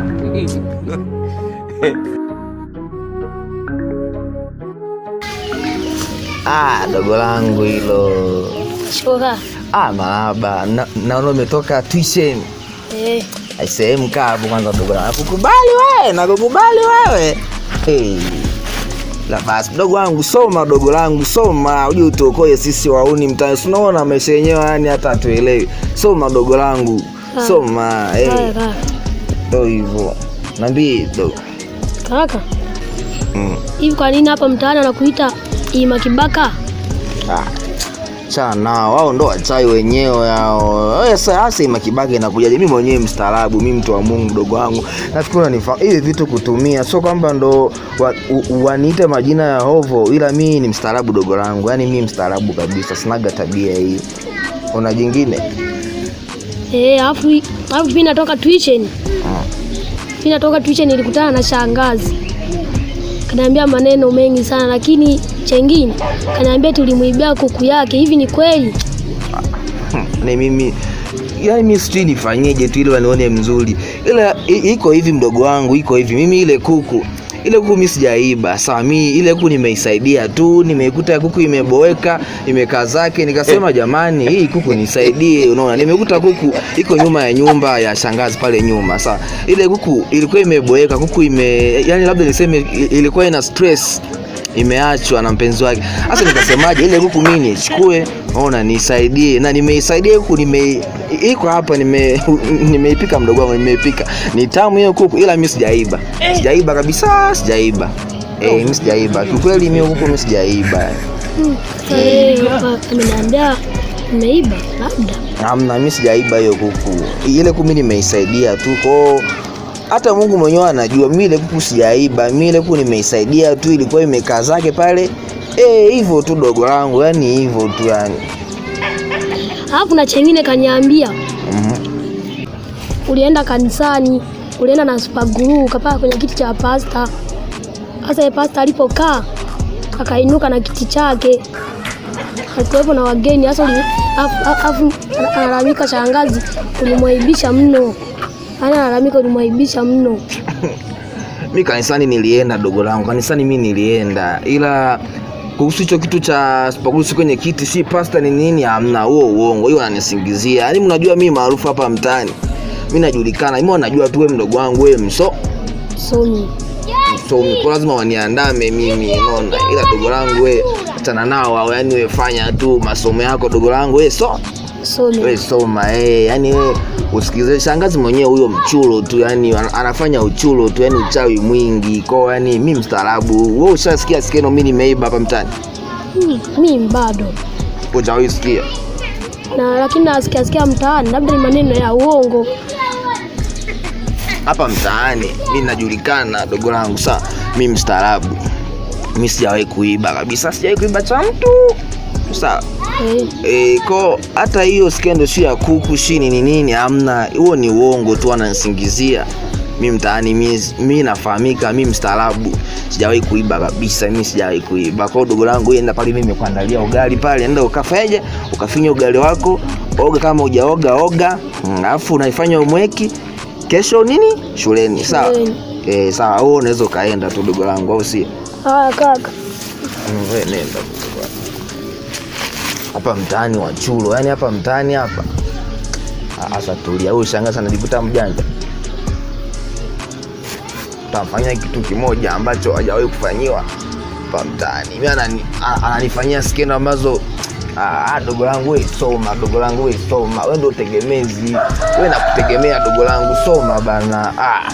Ah, dogo langu hilo. Shoga. Ah, maraba. Naona umetoka tuisheni. Eh. Aisee, mkaa kwanza dogo langu. Nakukubali wewe, nakukubali wewe. Hey. La basi dogo wangu soma, dogo langu soma, uje utuokoe sisi wauni mtaani. Tunaona maisha yenyewe yani hata hatuelewi. Soma dogo langu. Ah. Soma. Eh. Hey ndo hivyo nambie do kaka mm. hivi mm. kwa nini hapa mtaani anakuita Ima Kibaka? Ah, chana wao ndo wachai wenyewe Wewe eh, Sasa Ima Kibaka inakuja, mimi mwenyewe mstaarabu, mimi mtu wa Mungu, dogo wangu, nafikiri unanifa Hivi vitu kutumia sio kwamba ndo waniite majina ya hovo, ila mimi ni mstaarabu, dogo langu, yaani mimi mstaarabu kabisa, sinaga tabia hii. Una jingine? Eh, afu mimi natoka tuition. Mimi natoka tuition nilikutana na shangazi. Kaniambia maneno mengi sana lakini chengine kaniambia tulimwibia kuku yake. Hivi ni kweli? Na mimi yaani mimi sijui nifanyeje tu ili wanione mzuri. Ila iko hivi mdogo wangu, iko hivi. Mimi ile kuku ile kuku mimi sijaiba. Sawa, mimi ile kuku nimeisaidia tu, nimeikuta kuku imeboeka, imekaa zake, nikasema jamani, hii kuku nisaidie. Unaona, nimekuta kuku iko nyuma ya nyumba ya shangazi pale nyuma. Sawa, ile kuku ilikuwa imeboeka, kuku ime yani, labda niseme ilikuwa ina stress imeachwa na mpenzi wake. Sasa nikasemaje, ile kuku mimi nichukue, ona nisaidie, na nimeisaidia kuku nime iko hapa, nimeipika nime mdogo wangu, nimeipika ni tamu hiyo kuku, ila mimi sijaiba, eh. sijaiba kabisa, sijaiba eh, mimi sijaiba kiukweli, mimi kuku mimi sijaiba eh, amna mimi sijaiba hiyo kuku. Ile kumi nimeisaidia tu koo hata Mungu mwenyewe anajua. Mimi ile kuku sijaiba, mimi ile kuku nimeisaidia tu, ilikuwa imekaa zake pale eh, hivyo e, tu dogo langu, yani hivyo tu yani. Alafu na chengine kaniambia mhm. ulienda kanisani, ulienda na super glue kapaka kwenye kiti cha pasta. Sasa pasta alipokaa akainuka na kiti chake, akiwepo na wageni. hasa alafu analalamika, shangazi, ulimwaibisha mno, yaani analalamika, ulimwaibisha mno. Mi kanisani nilienda, dogo langu, kanisani mi nilienda ila kuhusu hicho kitu cha spagusi kwenye kiti, si pasta ni nini? Hamna huo uongo, hiyo ananisingizia. Yaani mnajua mimi maarufu hapa mtaani, mimi najulikana, mimi wanajua tu wewe mdogo wangu wewe mso msomi msomi, kwa lazima waniandame mimi, unaona. Ila dogo langu wewe, achana nao hao, yaani wewe fanya tu masomo yako dogo langu wewe, so wewe soma eh, yaani wewe usikilize. Shangazi mwenyewe huyo mchulo tu, yani anafanya uchulo tu, yani uchawi mwingi ko Yani mi mstaarabu. Wewe ushasikia skeno mi nimeiba hapa mtaani? Mi bado ujawahi sikia na lakini nasikia sikia mtaani, labda ni maneno ya uongo hapa mtaani. Mi najulikana dogo langu saa mi mstaarabu, mi sijawahi kuiba kabisa, sijawahi kuiba cha mtu sawa hey. E, ko hata hiyo skendo sio ya kuku shini ni nini, amna Huo ni uongo tu, wananisingizia mi mtaani. Mi, mi nafahamika, mi mstaarabu, sijawahi kuiba kabisa, mi sijawahi kuiba. Kwa dogo langu yenda pale, mimi nimekuandalia ugali pale, enda ukafanyaje, ukafinya ugali wako, oga kama hujaoga oga, alafu unaifanya umweki kesho nini shuleni, sawa eh, sawa. huo unaweza ukaenda tu dogo langu, au sio? Haya kaka, mm, nenda hapa mtaani wa chulo, yani hapa mtaani hapa. Asa tulia shanga sana anajikuta mjanja. tafanya kitu kimoja ambacho hajawahi kufanyiwa hapa mtaani. Mimi ananifanyia skendo ambazo Ah, dogo langu wewe soma, dogo langu wewe soma, wewe ndio tegemezi, wewe nakutegemea dogo langu, soma bana. Ah,